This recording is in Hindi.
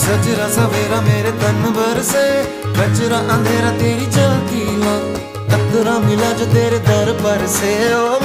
सजरा सवेरा मेरे तन भर से कचरा अंधेरा तेरी चलती लौ मिला जो तेरे दर पर से ओ